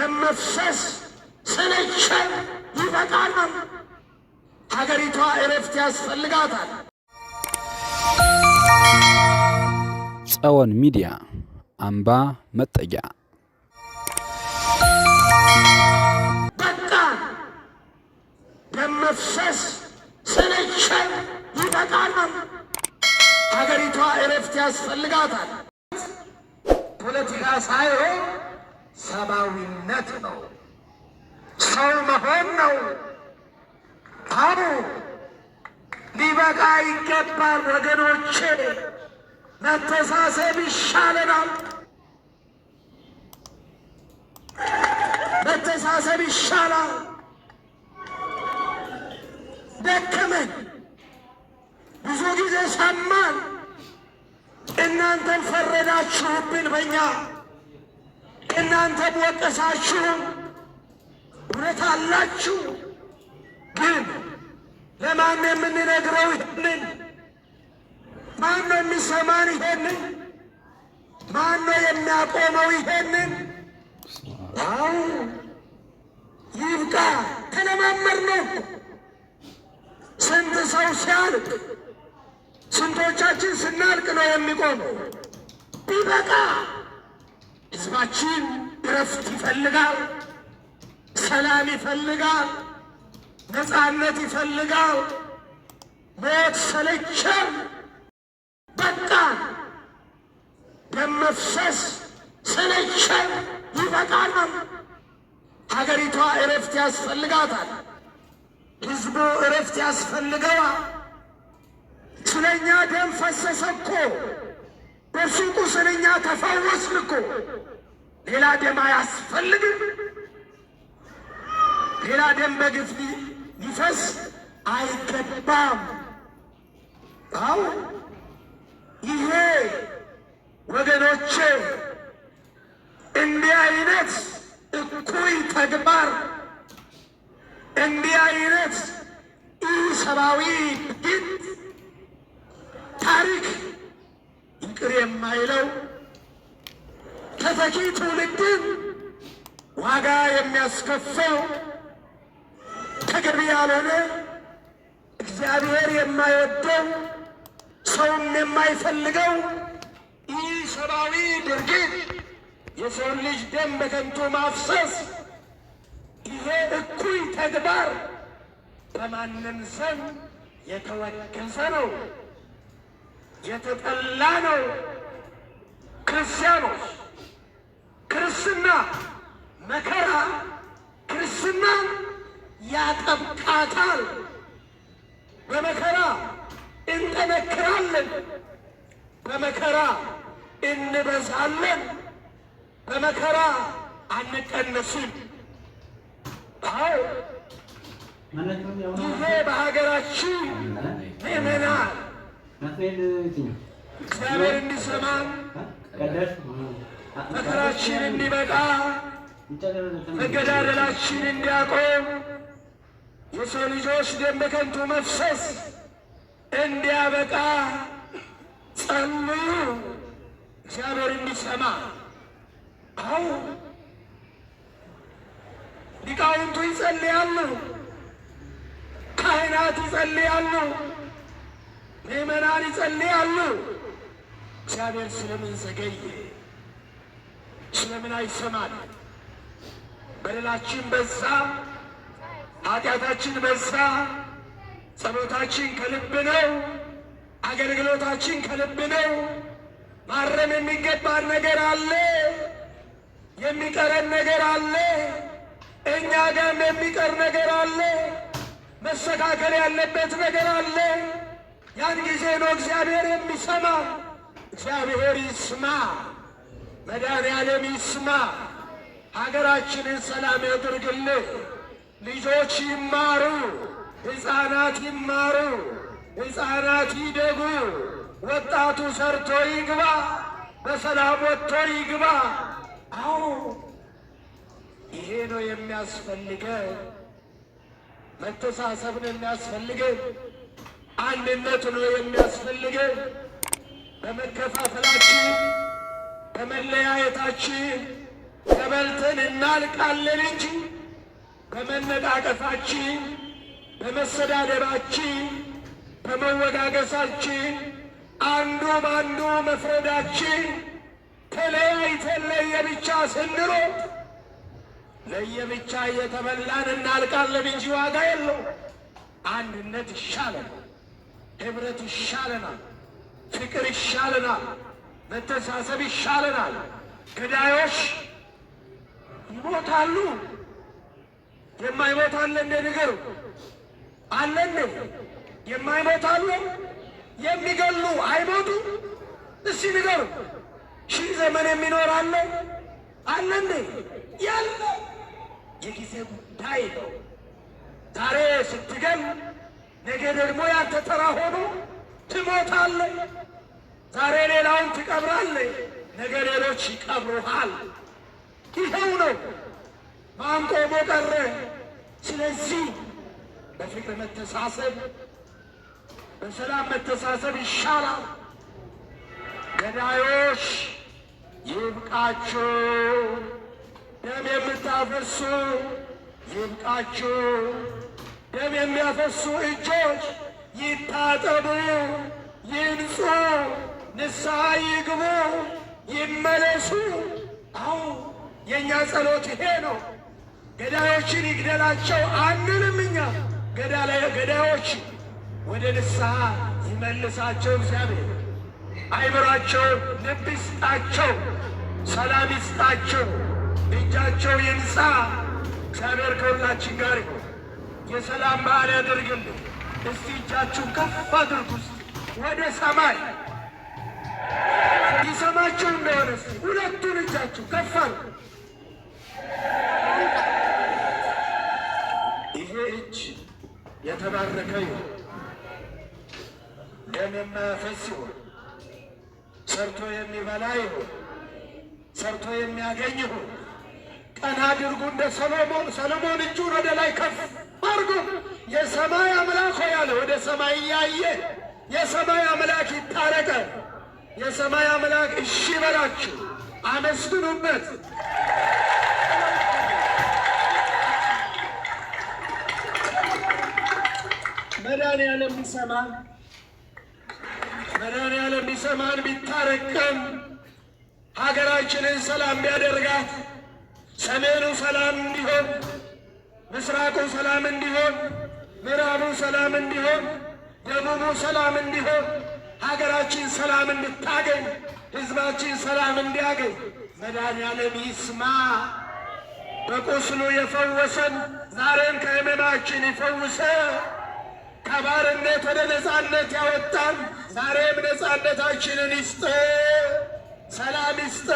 መመፍሰስ ስንቸር ይበቃናል። ሀገሪቷ እረፍት ያስፈልጋታል። ጸወን ሚዲያ አምባ መጠጊያ በቃ ለመፍሰስ ስንቸር ይበቃናል። ሀገሪቷ እረፍት ያስፈልጋታል። ፖለቲካ ሳይሆን መሞት ነው። ሰው መሆን ነው። አቡ ሊበቃ ይገባል ወገኖቼ፣ መተሳሰብ ይሻለናል። መተሳሰብ ይሻላል። ደከመን ብዙ ጊዜ ሰማን። እናንተን ፈረዳችሁብን በእኛ እናንተ ወቀሳችሁ፣ እውነት አላችሁ። ግን ለማን የምንነግረው ይህንን? ማን ነው የሚሰማን ይሄንን? ማን ነው የሚያቆመው ይሄንን? አው ይብቃ። ተለማመር ነው። ስንት ሰው ሲያልቅ፣ ስንቶቻችን ስናልቅ ነው የሚቆመው? ይበቃ። ህዝባችን እረፍት ይፈልጋል፣ ሰላም ይፈልጋል፣ ነፃነት ይፈልጋል። ሞት ሰለቸን፣ በቃ ደም መፍሰስ ሰለቸን፣ ይበቃናል። ሀገሪቷ እረፍት ያስፈልጋታል። ህዝቡ እረፍት ያስፈልገዋል። ስለኛ ደም ፈሰሰ እኮ በሱቁ ስለኛ ተፈወስን እኮ ሌላ ደም አያስፈልግም። ሌላ ደም በግፍ ሊፈስ አይገባም። አው ይሄ ወገኖቼ እንዲህ አይነት እኩይ ተግባር እንዲህ አይነት ኢሰብአዊ ድርጊት ታሪክ ይቅር የማይለው ለተተኪ ትውልድ ዋጋ የሚያስከፈው ተገቢ ያልሆነ እግዚአብሔር የማይወደው ሰውም የማይፈልገው ይህ ሰብአዊ ድርጊት የሰውን ልጅ ደም በከንቱ ማፍሰስ ይሄ እኩይ ተግባር በማንም ዘንድ የተወገዘ ነው፣ የተጠላ ነው። ክርስቲያኖች ክርስትና መከራ ክርስትናን ያጠብቃታል። በመከራ እንጠነክራለን፣ በመከራ እንበዛለን፣ በመከራ አንቀነስም። አዎ ጊዜ በሀገራችን ምዕመናን እግዚአብሔር እንዲሰማን መከራችን እንዲበቃ መገዳደላችን እንዲያቆም የሰው ልጆች ደም በከንቱ መፍሰስ እንዲያበቃ ጸልዩ፣ እግዚአብሔር እንዲሰማ። አው ሊቃውንቱ ይጸልያሉ፣ ካህናት ይጸልያሉ፣ ምእመናን ይጸልያሉ። እግዚአብሔር ስለምን ዘገየ? ስለምን አይሰማል? በደላችን በዛ፣ ኃጢአታችን በዛ። ጸሎታችን ከልብ ነው። አገልግሎታችን ከልብ ነው። ማረም የሚገባን ነገር አለ። የሚቀረን ነገር አለ። እኛ ጋም የሚቀር ነገር አለ። መስተካከል ያለበት ነገር አለ። ያን ጊዜ ነው እግዚአብሔር የሚሰማ። እግዚአብሔር ይስማ። መድኃኔዓለም ይስማ፣ ሀገራችንን ሰላም ያድርግልን። ልጆች ይማሩ፣ ሕፃናት ይማሩ፣ ሕፃናት ይደጉ፣ ወጣቱ ሰርቶ ይግባ፣ በሰላም ወጥቶ ይግባ። አዎ ይሄ ነው የሚያስፈልገን። መተሳሰብ የሚያስፈልገ የሚያስፈልገን። አንድነት ነው የሚያስፈልገን። በመከፋፈላችን በመለያየታችን ተበልተን እናልቃለን እንጂ በመነቃቀፋችን፣ በመሰዳደባችን፣ በመወጋገሳችን፣ አንዱ በአንዱ መፍረዳችን ተለያይተን ለየብቻ ስንሮ ለየብቻ እየተበላን እናልቃለን እንጂ ዋጋ የለው። አንድነት ይሻለናል፣ ኅብረት ይሻለናል፣ ፍቅር ይሻለናል። መተሳሰብ ይሻለናል። ገዳዮች ይሞታሉ። የማይሞት አለ እንዴ? ንገሩ አለ የማይሞት የሚገሉ አይሞቱ? እስቲ ንገሩ። ሺህ ዘመን የሚኖር አለ አለን? ያለ የጊዜ ጉዳይ ነው። ዛሬ ስትገል ነገ ደግሞ ያንተ ተራ ሆኖ ትሞታለህ። ዛሬ ሌላውን ትቀብራለህ፣ ነገ ሌሎች ይቀብሩሃል። ይኸው ነው። ማን ቆሞ ቀረ? ስለዚህ በፍቅር መተሳሰብ፣ በሰላም መተሳሰብ ይሻላል። ገዳዮች ይብቃችሁ፣ ደም የምታፈሱ ይብቃችሁ፣ ደም የሚያፈሱ እጆች ይታጠቡ፣ ይንጹ። ንስሐ ይግቡ፣ ይመለሱ። አሁን የእኛ ጸሎት ይሄ ነው። ገዳዮችን ይግደላቸው አንልም እኛ ገዳዮች ወደ ንስሐ ይመልሳቸው እግዚአብሔር። አይምራቸው፣ ልብ ይስጣቸው፣ ሰላም ይስጣቸው፣ እጃቸው ይንጻ። እግዚአብሔር ከሁላችን ጋር የሰላም በዓል ያደርግልን። እስቲ እጃችሁን ከፍ አድርጉ ወደ ሰማይ ሊሰማችሁ እንደሆነ ሁለቱን እጃችሁ ከፋል። ይሄ እጅ የተባረከ ይሆን ደም የማያፈስ ይሆን ሰርቶ የሚበላ ይሆን ሰርቶ የሚያገኝ ይሆን? ቀና አድርጉ። እንደ ሰሎሞን ሰሎሞን እጁን ወደ ላይ ከፍ አድርጉ። የሰማይ አምላክ ሆይ አለ ወደ ሰማይ እያየ የሰማይ አምላክ ይታረቀ የሰማይ አምላክ እሺ በላችሁ፣ አመስግኑበት። መድኃኒዓለም ቢሰማን መድኃኒዓለም ቢሰማን ቢታረቀም ሀገራችንን ሰላም ቢያደርጋት ሰሜኑ ሰላም እንዲሆን፣ ምስራቁ ሰላም እንዲሆን፣ ምዕራቡ ሰላም እንዲሆን፣ ደቡቡ ሰላም እንዲሆን ሀገራችን ሰላም እንድታገኝ፣ ህዝባችን ሰላም እንዲያገኝ መድኃኒዓለም ይስማ። በቁስሉ የፈወሰን ዛሬም ከህመማችን ይፈውሰ። ከባርነት ወደ ነፃነት ያወጣን ዛሬም ነፃነታችንን ይስጠ። ሰላም ይስጠ።